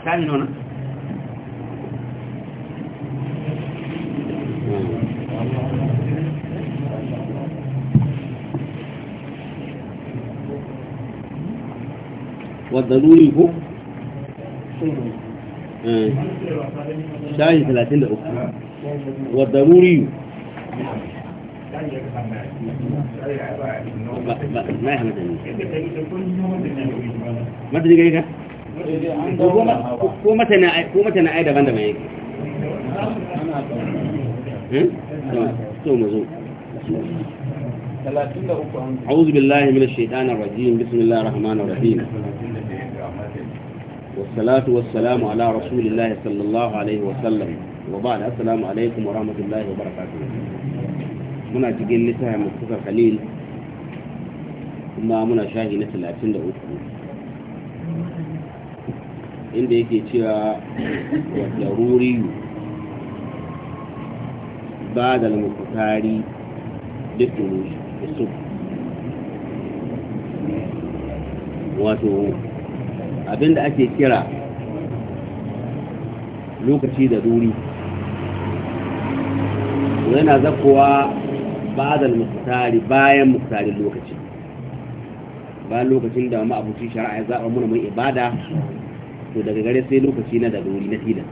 الثاني هنا والضروري هو شاهد ثلاثين أخرى والضروري ما احنا ما ما جاي na ai daban أعوذ بالله من الشيطان الرجيم بسم الله الرحمن الرحيم والصلاة والسلام على رسول الله صلى الله عليه وسلم وبعد السلام عليكم ورحمة الله وبركاته muna cikin مكتفى خليل ثم منا شاهي shahi na 33 inda yake cewa wa ruri ba da mukutari da su wato abinda ake kira lokaci da duri yana zakowa ba da mukutari bayan mukutarin lokaci bayan lokacin da ma'abuci shari'a ya zaɓa muna mai ibada to daga gare sai lokaci na da wuri na tilas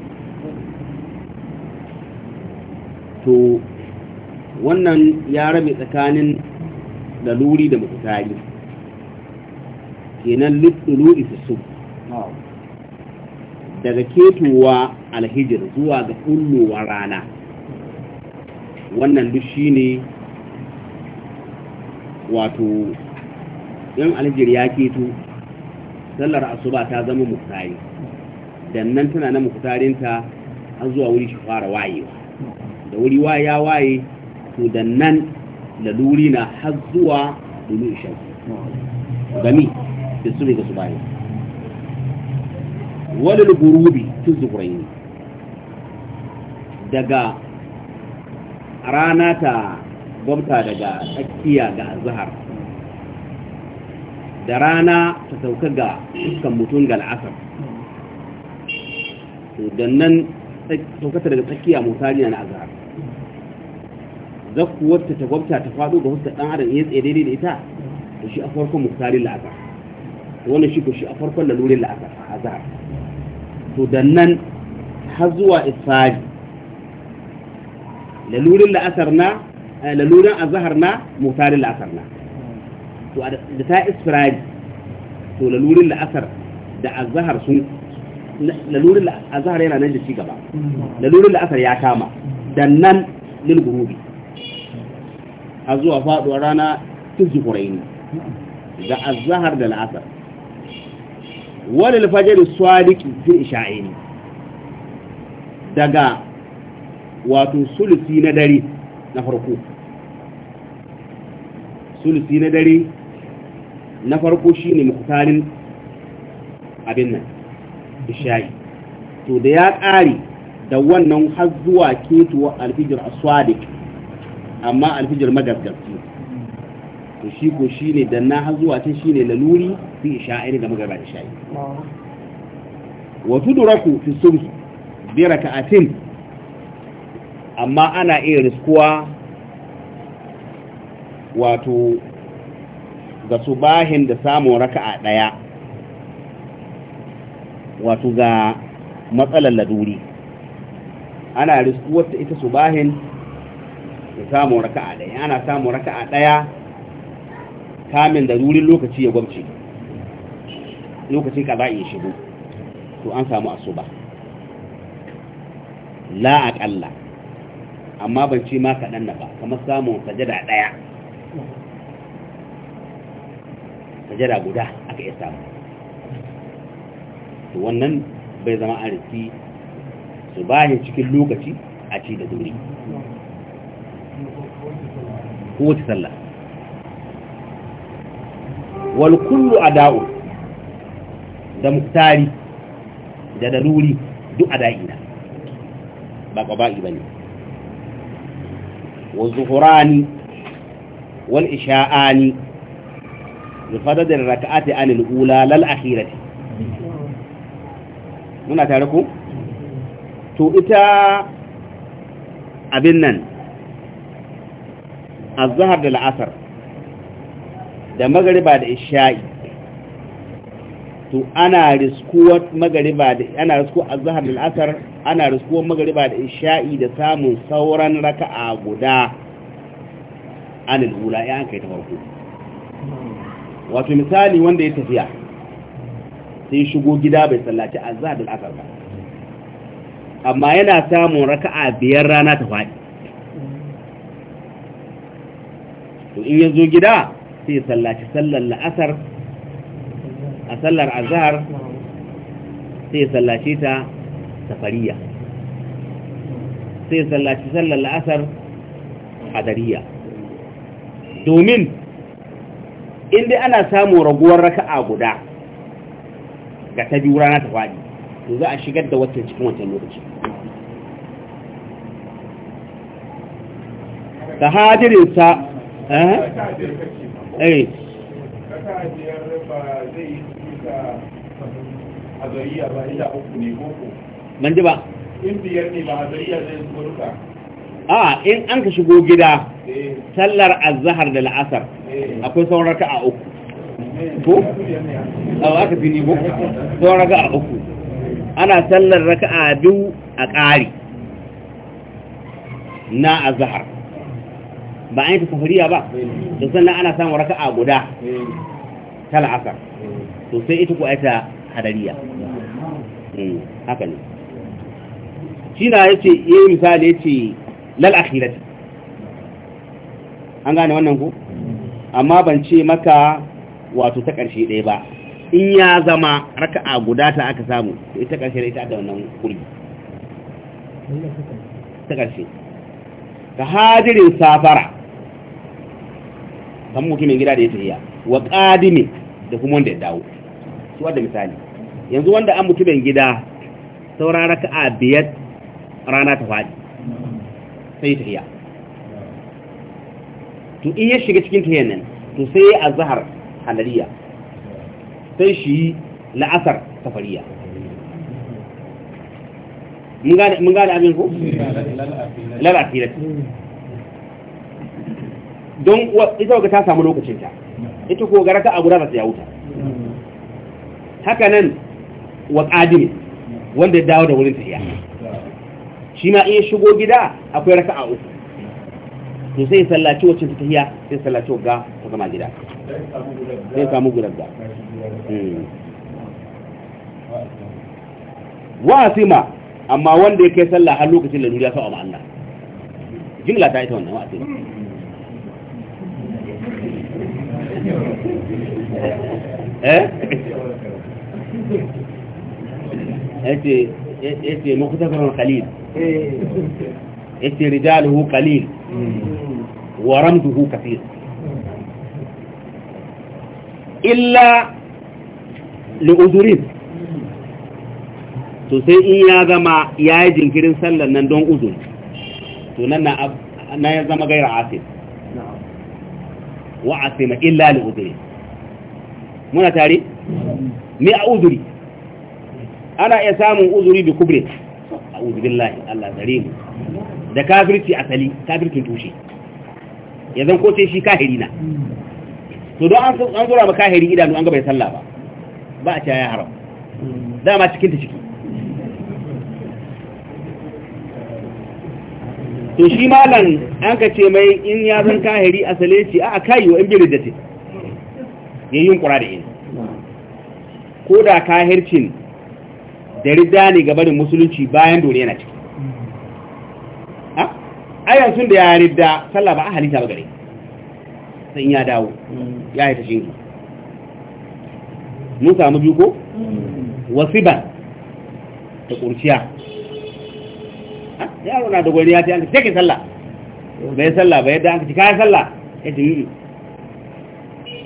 to wannan ya rabe tsakanin daluri da mutari kenan lutsulu su daga ketowa alhijir zuwa ga kullowa rana wannan duk shi ne wato yan alhijir ya keto sallar asuba ta zama muktari dan nan tana na muktarinta har zuwa wuri shi fara wayewa da wuri wa ya waye to dan nan laluri na har zuwa dulu ishan gami da su ga su bayi? wani gurubi tun zuhurai daga rana ta gwamta daga tsakiya ga zahar da rana ta sauka ga iskan mutum ga al'asar don nan saukata daga tsakiya musariya na azhar zakkuwarta ta gwabta ta faɗo ga huskar ɗan adam ya tsaye daidai da ita da shi a farkon musarin la'asar wannan shi ko shi a farkon lalurin la'asar a azhar to da nan har zuwa isfari lalurin la'asar na eh, lalurin azhar na musarin la'asar na to da ta isfirari to lalurin la'asar da azahar sun lalurin azahar yana nan da ci gaba lalurin la'asar ya kama dan nan lil gurubi a zuwa faduwar rana tuzu huraini da azahar da la'asar wani fajar swadiki fi isha'ini daga wato sulusi na dare na farko sulusi na dare na farko shi ne muktarin abin nan shayi. to da ya ƙare da wannan har zuwa ketuwa alfijir aswadik amma alfijir magasgarci to shi ko shi ne da na har zuwa can shi ne laluri fi isha'i da magarba isha'i wato duraku fi sumsu a raka'atin amma ana iya riskuwa wato ga subahin da samun raka'a ɗaya wato ga matsalar laduri ana wata ita subahin da samun raka'a ɗaya ana samun raka'a ɗaya kamin da rurin lokaci ya gwamce lokacin ka ya shigo to an samu asuba la akalla, amma ban ce ma kaɗan na ba kamar samun sajada ɗaya sajada guda aka iya samu to wannan bai zama a riski su bahi cikin lokaci a ci da duri kowace sallah wal kullu ada'u da muktari da daruri duk ada'i na ba qaba'i bane wa zuhurani wal isha'ani بفضل الركعات عن الأولى للأخيرة muna tare ku? to ita abin nan azahar da la'asar da magariba da isha'i to ana riskuwar magariba da ana riskuwar azahar da la'asar ana riskuwar magariba da isha'i da samun sauran raka'a guda anil ula ya an kai ta farko wato misali wanda ya tafiya sai shigo gida bai sallaci azza da asar ba amma yana samun raka'a biyar rana ta faɗi to in ya zo gida sai ya sallaci sallar la'asar a sallar azhar sai ya sallace ta safariya sai ya sallaci sallar la'asar adariya domin inda ana samun raguwar raka'a guda ga ta biyu rana ta faɗi to za a shigar da watan cikin watan lokaci ta hadirinsa eh, eh. ban ji ba zai yi ba, in biyar ne ba a zariya zai zuwa a in an ka shigo gida eh. sallar azhar da la'asar eh. akwai sauran raka'a uku ko a aka fi ko sauran raka'a uku ana sallar raka'a biyu a ƙari na azhar ba an yi ta ba eh. to sannan ana samun raka'a guda ta la'asar to sai ita ku aita hadariya mm, haka ne shi na ya ce yi misali ya ce lal akhirati an gane wannan ku amma ban ce maka wato ta karshe ɗaya ba in ya zama raka'a guda ta aka samu to ita karshe ita da wannan kurbi ta karshe. ka hadirin safara kan mutumin gida da ya tafiya wa kadimi da kuma wanda ya dawo su wadda misali yanzu wanda an mutumin gida sauran raka'a biyar rana ta faɗi sai tahiya to in ya shiga cikin tahiyan nan to sai ya azhar hanariya sai shi la'asar safariya mun gane abin ku? lalafiyar don ita waka ta samu lokacinta ita ko gara ta abu da ta wuta haka nan wa ƙadimi wanda ya dawo da wurin tafiya shi ma iya shigo gida akwai a uku to sai sallaci wacce ta tahiya sai sallaci wagga ta kama gida sai samu gudan da hmm. wa asima amma wanda ya kai sallah har lokacin da duniya sa'a Allah jimla ta ita wannan wa asima eh ce eh eh mukhtafar khalid Eh. yace rijaluhu qalil wa ramduhu kathir illa li'udurin to sai in ya zama ya yi jinkirin sallar nan don uzuri to nan na ya zama gaira asir wa asima illa li'udurin muna tare? Ni a uzuri ana iya samun uzuri bi kubre. a'udhu billahi Allah gare mu da kafirci asali kafirkin tushe ya ko sai shi kahiri na to don an an gura ma kahiri idanu an ga bai sallah ba ba a ya haram dama cikin ta ciki to shi malan an ka ce mai in ya zan kahiri asali ce a kai wa in bi rijati yayin kura da yin ko da kahircin da rida ne ga barin musulunci bayan dole yana ciki a yanzu da ya rida sallah ba a halitta ba gare sai ya dawo ya yi ta shinki mun samu biyu ko wasiban da kurciya yaro na da gwani ya ce an ka ke sallah bai sallah ba yadda an ka ci kayan sallah ya ce yi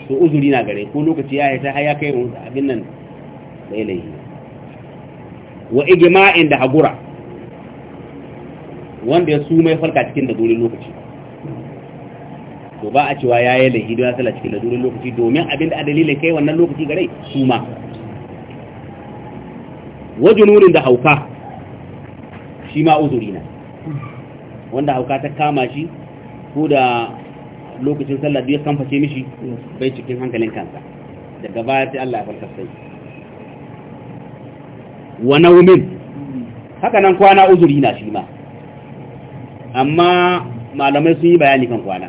to uzuri na gare ko lokaci ya haita har ya kai abin nan bai laihi wa ijma'in da hagura wanda ya su mai falka cikin da dole lokaci to ba a cewa yayi da don sala cikin da dole lokaci domin abin da dalilin kai wannan lokaci gare su ma wajunurin da hauka shi ma uzuri na wanda hauka ta kama shi ko da lokacin sallah duk ya kamface mishi bai cikin hankalin kansa daga baya sai Allah ya farkar sai wa naumin haka nan kwana uzuri na shi ma amma malamai sun yi bayani kan kwana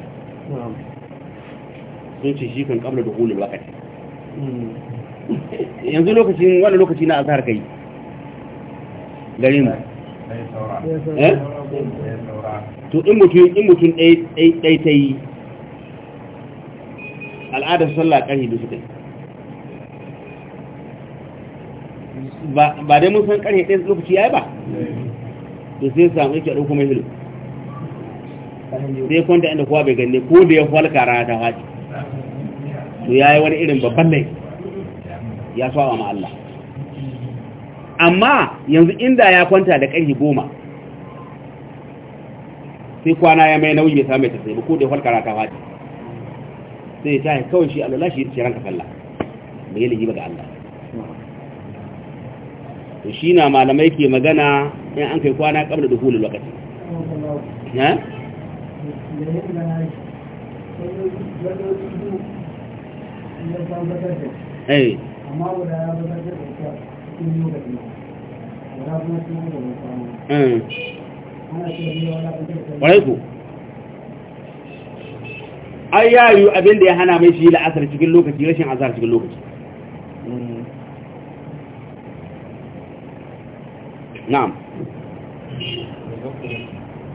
sun ce shi kan kabla da hulul wakati yanzu lokacin wani lokaci na azhar kai gare mu eh? to in mutum in mutum ɗai ta yi al'adar sallah ƙarfi da suka ba dai mun san ƙarfe ɗaya lokaci ya yi ba to sai samu yake ɗauko mai hilo sai kwanta inda kowa bai ganne ko da ya falka rana ta haji to ya yi wani irin babban mai ya so a Allah amma yanzu inda ya kwanta da ƙarfe goma sai kwana ya mai nauyi mai samu ta sai ko da ya falka rana ta haji sai ya yi kawai shi Allah shi ranka sallah mai yi ba ga Allah to shi na malamai ke magana in an kai kwana kamar da hulun lokaci na? eh hmm. abin da ya hana mai shi la'asar cikin lokaci rashin azar cikin lokaci hmm. na'am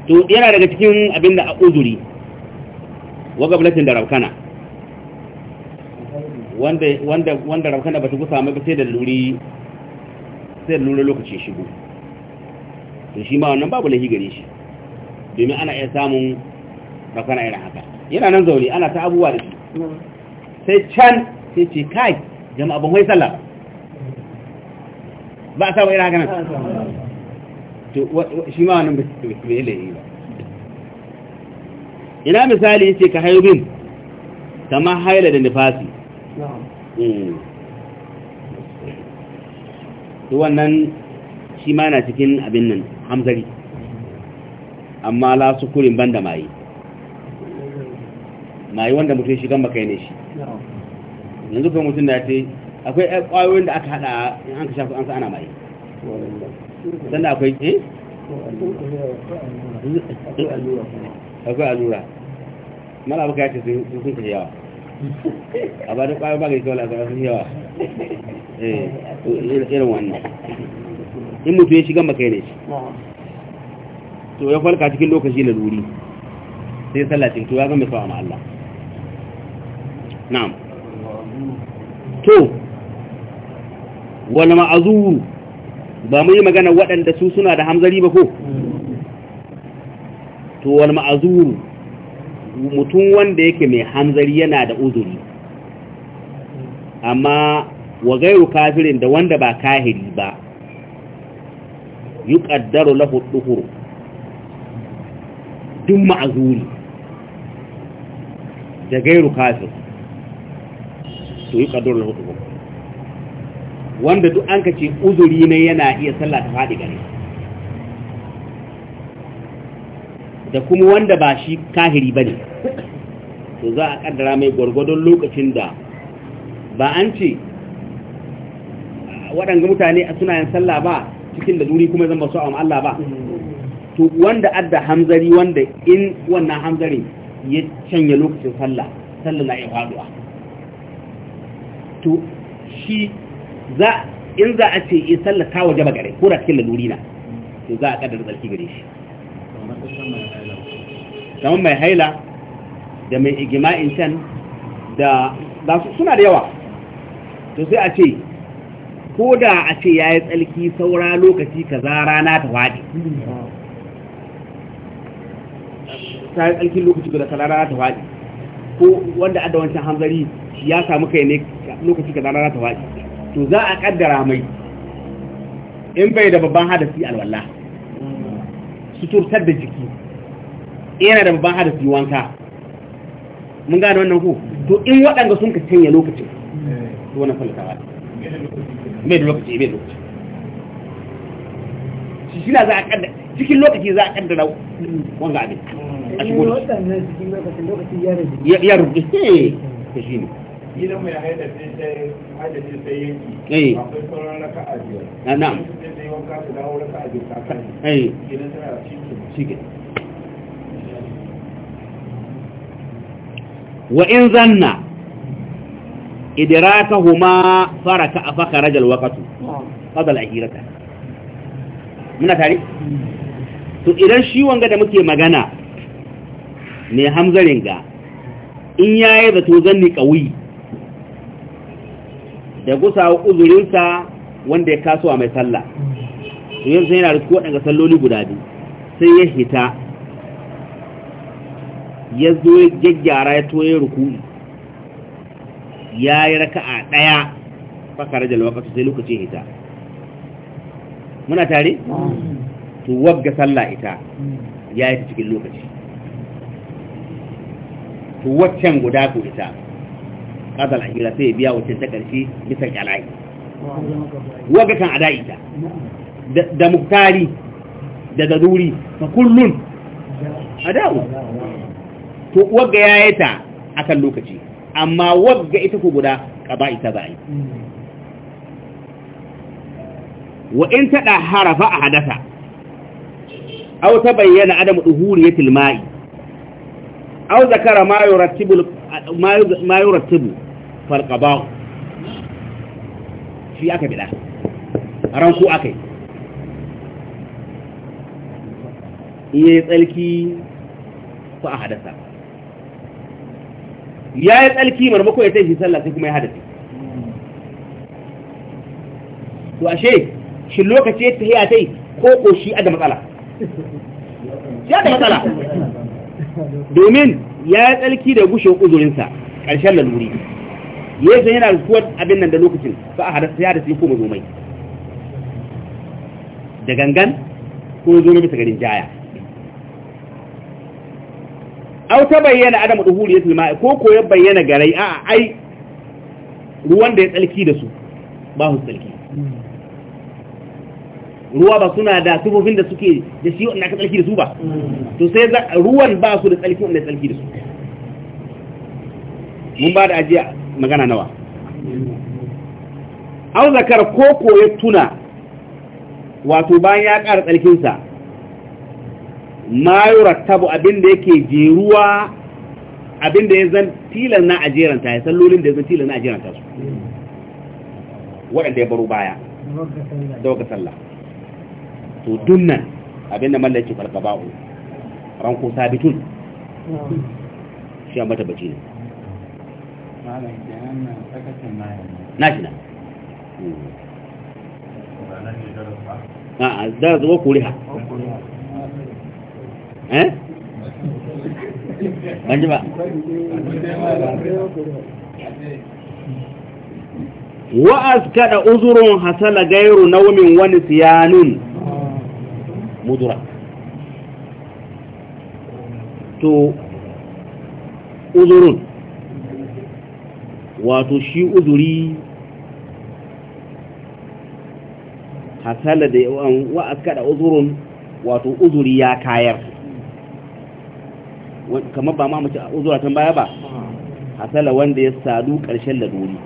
to yana daga cikin abin da a uzuri wa gablatin da rabkana wanda wanda wanda rabkana ba ta gusa mai ba sai da luri sai da luri lokaci shigo to shi ma wannan babu lahi gare shi domin ana iya samun rabkana irin haka yana nan zaune ana ta abubuwa da shi sai can sai ce kai jama'a ban wai sallah ba a samu irin nan to shi ma wani bai laifi ba ina misali yace ka haibin kama haila da nifasi hmm. to wannan shi ma na cikin abin nan hamzari amma la su sukurin banda mai mai wanda mutum shi gamba kai ne shi yanzu kai mutum da ya akwai ƙwayoyin da aka haɗa in an ka shafi an ana mai sannan akwai ce? Eh? akwai allura mana abu ya ce sun kashe yawa a ba da ƙwayoyin ba ga ita wala zama sun yawa eh, irin wannan in mutu ya shiga makai ne to ya falka cikin lokaci na luri sai sallah to ya zama sawa ma'alla na'am to wani ma'azuru ba mu yi magana waɗanda su suna da hamzari ba ko to wani ma'azuru mutum wanda yake mai hamzari yana da uzuri amma wa gairu kafirin da wanda ba kahiri ba Yi ƙaddaro lahu ɗuhuru dun ma'azuri. da gairu kafir to yi ƙaddaro lahu ɗuhuru wanda duk an kace uzuri ne yana iya sallah ta faɗi gare da kuma wanda ba shi kahiri bane to za a kaddara mai gwargwadon lokacin da ba an ce waɗanga mutane suna yin sallah ba cikin da duri kuma zan ba su Allah ba to wanda adda hamzari wanda in wannan hamzarin ya canya lokacin sallah sallah na iya faduwa to shi za in za a ce in sallar ta waje magare ko da cikin laluri na to za a kaddara zarki gare shi kamar mai haila da mai igima'in can da ba su suna da yawa to sai a ce ko da a ce ya yi tsalki saura lokaci ka za rana ta waɗe ta yi tsalki lokaci da za rana ta waɗe ko wanda adawancin hanzari ya samu kai ne lokaci ka za rana ta waɗe to za a kaddara mai in bai da babban hadasi alwallah suturtar da jiki yana da babban hadasi wanka mun gane wannan ku to in waɗanda sun ka canya lokacin to falata falatawa mai da lokaci mai lokaci shi za a kaddara cikin lokaci za a kaddara wanga abin a shi gudu ya rubuce eh, shi ne gidan mai haida sai sai yanki eh. akwai raka a biyar na ah, na sai wanka ta dawo raka a biyar ta kan eh. gidan cikin muna tare to idan shi wanga da muke magana ne hamzarin ga in yayi zato zanni qawi ya gusa uzurinsa wanda ya kasuwa mai sallah to yanzu yana da waɗanda salloli guda biyu sai ya hita ya zo ya gyaggyara ya toye rukuni ya yi raka a ɗaya fakar da lokacin sai lokaci hita muna tare? to wagga sallah ita ya yi cikin lokaci to waccan guda ku ita qada al-akhira sai biya wacce ta karshe bisa kyalai waga kan adai ta da muktari da daduri fa kullun adau to waga yayi ta akan lokaci amma waga ita ko guda qaba'i ta za'i wa in ta harafa a hadasa aw ta bayyana adamu duhuriyatil ma'i aw zakara ma yurattibu ma yurattibu falqaba shi aka bida ranku akai iya tsalki a hadasa ya yi tsalki marmako ya tafi sallah sai kuma ya hadasa to ashe shi lokaci ya tafiya tai ko ko shi a da matsala ya da matsala domin ya yi tsalki da gushe uzurinsa ƙarshen laluri yayin yana rikuwar abin nan da lokacin fa a hadasa ya da su kuma zomai da gangan ko zo ne bisa garin jaya au ta bayyana adamu duhuri ya tilma ko ko ya bayyana garai a ai ruwan da ya tsalki da su ba su tsalki ruwa ba suna da sufofin da suke da shi wanda aka tsalki da su ba to sai ruwan ba su da tsalki wanda ya tsalki da su mun ba da ajiya magana nawa au zakar ko ko ya tuna wato bayan ya ƙara tsarkinsa ma yi rattabu abinda yake jeruwa abinda ya zan tilan na ajiyaranta ya sallolin da ya zan tilan na ajiyaranta su waɗanda ya baro baya da waka sallah to dunnan abinda mallaki farfaba'u ranko sabitun shi a bacci ne nashina hmm. a eh ba wa'az uzurun hasala gairu naumin wani siyanun mudura to uzurun wato shi uzuri hasala da yawan wa da uzurun wato uzuri ya kayar kamar ba ma mace uzura tan baya ba hasala wanda ya sadu karshen laduri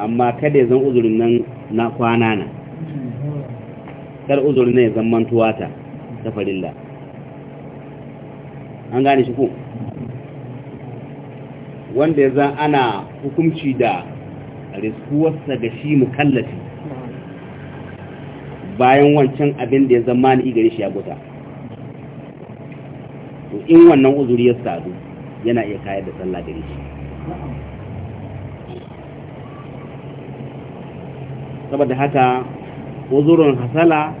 amma kada ya zan uzurin nan na kwana na kar uzurin ne ya zan mantuwa ta ta farilla an gane shi ko wanda ya zan ana hukunci da riskuwarsa da shi mukallafi bayan wancan abin da ya zama ni igari shi ya to in wannan uzuri ya sadu yana iya kayar da tsalla gari shi saboda haka uzurin hasala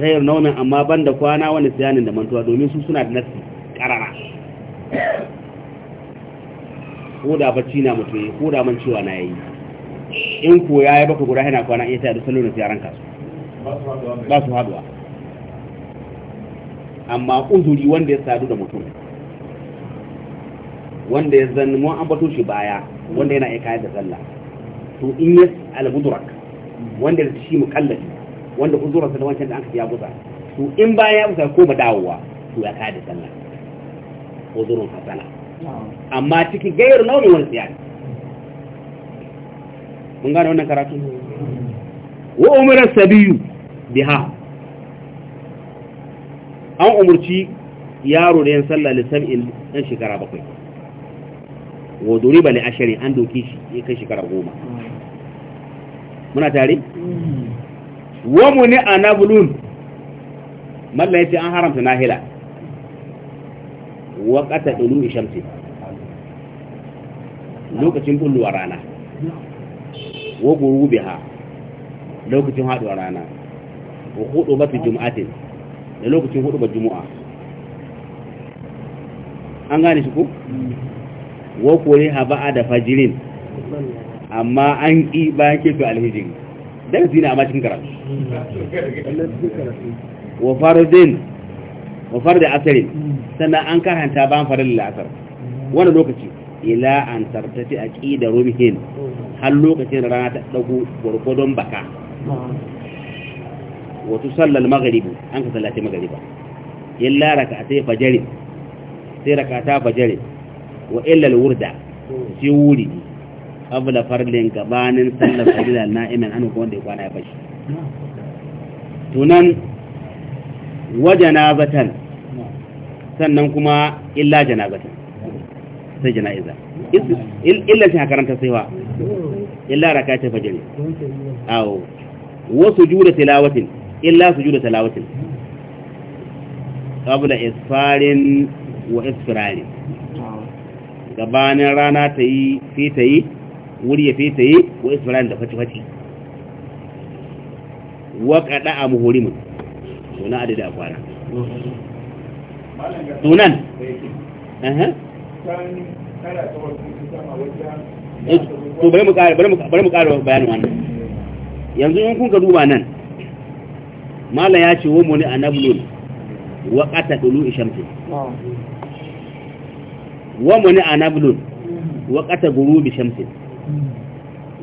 zai naunin amma ban da kwana wani siyanin da mantuwa domin su suna da nasi ko da bacci na mutum ko da man cewa na yayi in ko ya yi baka guda yana kwana iya da salonin da yaran kasu ba su haduwa amma uzuri wanda ya sadu da mutum wanda ya zan mu an bato shi baya wanda yana iya da sallah to in ya al-mudrak wanda da shi mukallafi wanda uzurarsa da wancan da an ya gusa to in baya ya gusa ko ba dawowa to ya kayar da sallah uzurun hasana amma ciki gairu nau'in wani siyari mun gane wannan karatu wa umarar sabiyu biha an umarci yaro da yin sallah lissab'in ɗan shekara bakwai wa duri li ashirin an doki shi ya kai shekara goma muna tare wa muni Nabulun? Mallaye ce an haramta nahila waqata dulu shamsi lokacin a rana wa ha lokacin a rana wa hudu batu jum'atin da lokacin hudu ba jumu'a an gane shi ko wa kore ba'a da fajirin amma an ƙi bayan kefe alhijin daga zina a cikin karatu wa farodin wa farda asarin sannan an karanta ban farin la'asar wani lokaci ila an tartace a ƙi da rumihin har lokacin rana ta ɗago gwargwadon baka wato sallar magharibi an ka sallace maghariba illa raka ta fajari sai raka ta fajari wa illal wurda sai wuri abla farlin gabanin sallar fajira na'iman an ko wanda ya kwana ya fashi tunan wa janazatan sannan kuma illa janabatan sai janaiza illa shi hakaranta saiwa illa rakata fajr awo wa sujudu tilawatin illa sujudu tilawatin qabla isfarin wa isfirani gabanin rana ta yi fi ta yi wuri ya fi ta yi wa isfirani da faci-faci wa kada a muhurimin suna adada a kwana sunan eh, bari mu ƙara bayanin wannan yanzu in kun ka duba nan mala ya ce wa muni a nablon wa ƙata ɗulu ishamsu wa muni a nablon wa kata guru bishamsu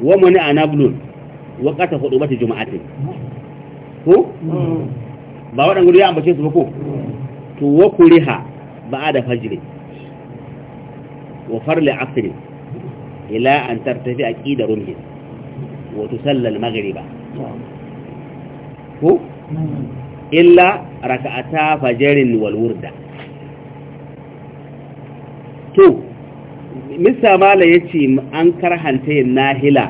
wa muni a nablon wa kata hudu bata juma'atin ko ba waɗanda gudu ya ambace su ba ko to wa kuriha ba da fajiri wa farli asiri ila an tartafi a ƙi da rumhi wa tusallal magriba ko illa raka'ata fajirin walwurda. wurda to mista mala yace an karhanta yin nahila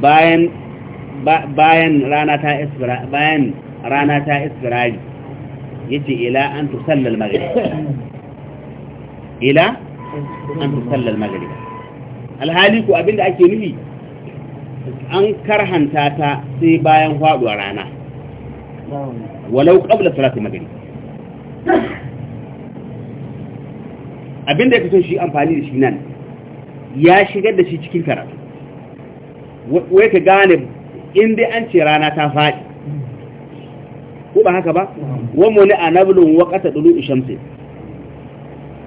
bayan bayan rana ta isra bayan rana ta isra yace ila an tusalla al-maghrib ila an tusalla al-maghrib alhali ku abinda ake nufi an karhanta ta sai bayan faduwar rana walau qabla salati maghrib abinda ya fito shi amfani da shi nan ya shigar da shi cikin karatu wai ka gane in dai an ce rana ta faɗi ko ba haka ba wa muni a nablun waqata dulu shamsi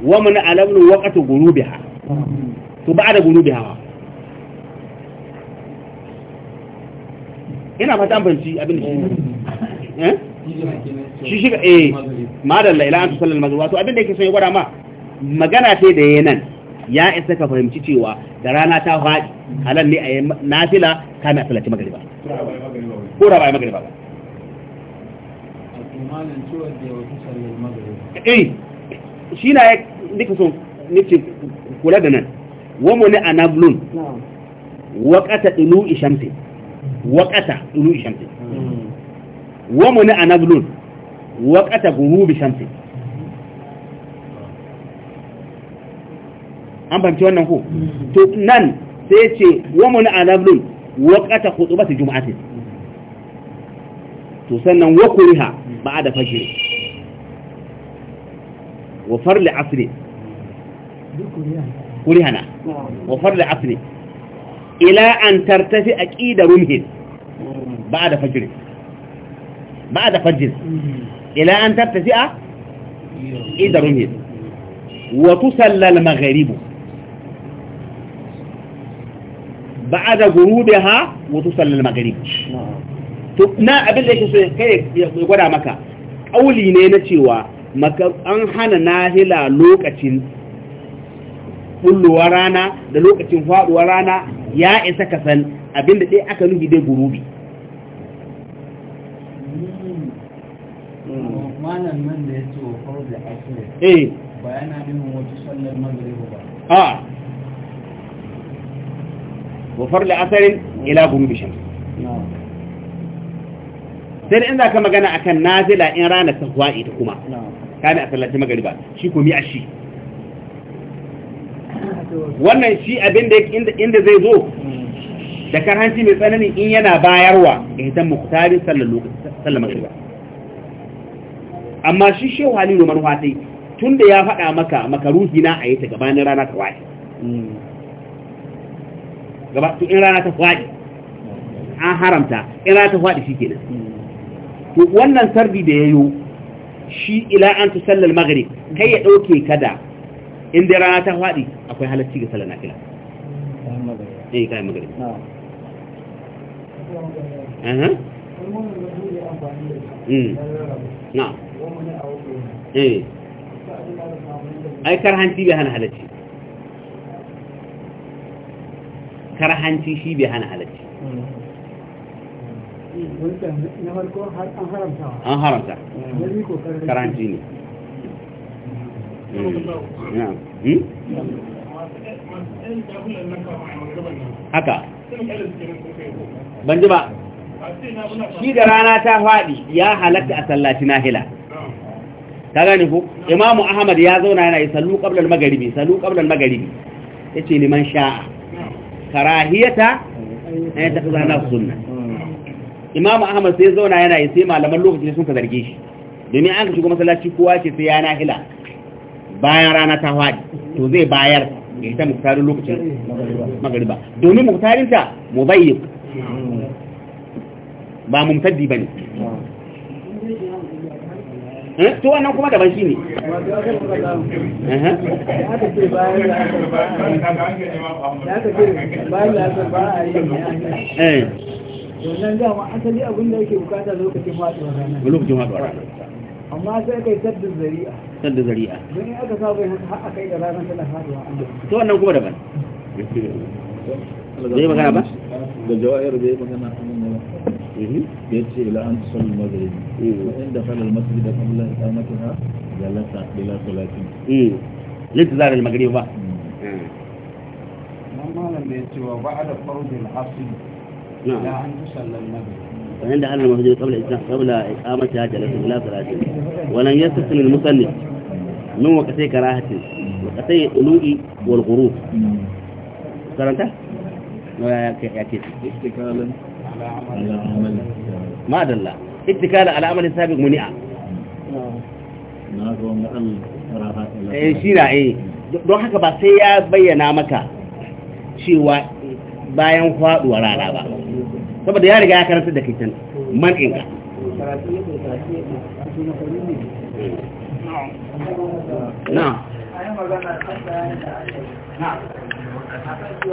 wa muni a nablun waqata gurubiha to ba da gurubiha ina fata banci abin da eh shi shi eh madalla ila an tusalla al-maghrib To abin da yake son ya gwada ma magana ce da yayin nan ya isa ka fahimci cewa da rana ta faɗi halal ne a yi nafila kame a salaci magariba ko da ba yi magariba ba eh shi na ya nika son nake kula da nan wamo ne a nablon wakata ɗulu ishamsi wakata ɗulu ishamsi hmm. wamo ne a nablon wakata gurubi shamsi an fahimci wannan ko to nan sai ce wa mun alablun waqata khutbati jum'atin to sannan wa kuriha ba'da fajr wa farli asri na. wa farli asri ila an tartafi aqida rumhin ba'da fajr ba'da fajr ila an tartafi aqida rumhin wa tusalla al-maghribu Ba'a da gurubi المغرب to na abin da yake so kai ya gwada maka ƙauli ne na cewa an hana nahila lokacin bulluwar rana da lokacin faduwar rana ya isa ka san abin aka nufi dai gurubi wa farla asarin ila gumbishin sai da in ka magana a kan nazila in rana ta huwa ta kuma kame a tsallaci magariba shi komi a shi wannan shi abin da inda zai zo da karhanci mai tsananin in yana bayarwa ga hitan muktarin sallar magariba amma shi shehu halilu manuwa sai tun da ya faɗa maka makaruhi na a yi ta gabanin rana ta waye hmm. gaba to in rana ta faɗi an haramta in rana ta faɗi to wannan sardi da yayo shi ila an ta sallal maghrib kai ya dauke kada in da rana ta faɗi akwai halacci ga sallar nafila eh kai maghrib hmm. eh na eh bai hana halacci karhanci shi bai hana halacci an haramta karhanci ne hmm. Hmm? haka ban ji ba shi da rana ta faɗi ya halatta a sallaci nahila ta gani ku imamu ahmad ya zauna yana yi sallu ƙablar magaribi sallu ƙablar magaribi ya ce liman sha'a karahiyata a ya eh, tafi zana suna imam ahmad sai zauna yana yi sai malaman lokaci sun ka zarge shi domin an ka shigo masallaci kowa ce sai ya hila bayan rana ta hadi to zai bayar ga ita muktarin lokacin magariba domin muktarinta mubayyik ba mumtaddi ne. Eh? to wannan kuma daban shi ne wannan asali abin da yake bukata lokacin faɗuwar rana lokacin faɗuwar rana amma sai kai zari'a zari'a aka sa bai da ranar tana to wannan kuma daban zai magana ba da jawa'ir zai magana إيه؟ يجي إلى أن تصلي المغرب إيه. وإن دخل المسجد قبل إقامتها جلس بلا صلاة إيه. لتزار المغرب بقى malam da ya ce wa ba'da farjil asr la an tusalla al-maghrib فعند أن المسجد قبل قبل إقامتها جلس بلا صلاة ولن يستسلم المصلي من وقتي كراهة وقتي الولوء والغروب. لا يا كيف استقالا ما da ala على عمل سابق eh shi eh don haka ba sai ya bayyana maka cewa bayan faduwa rana ba saboda ya riga ya karanta da kitan man inga na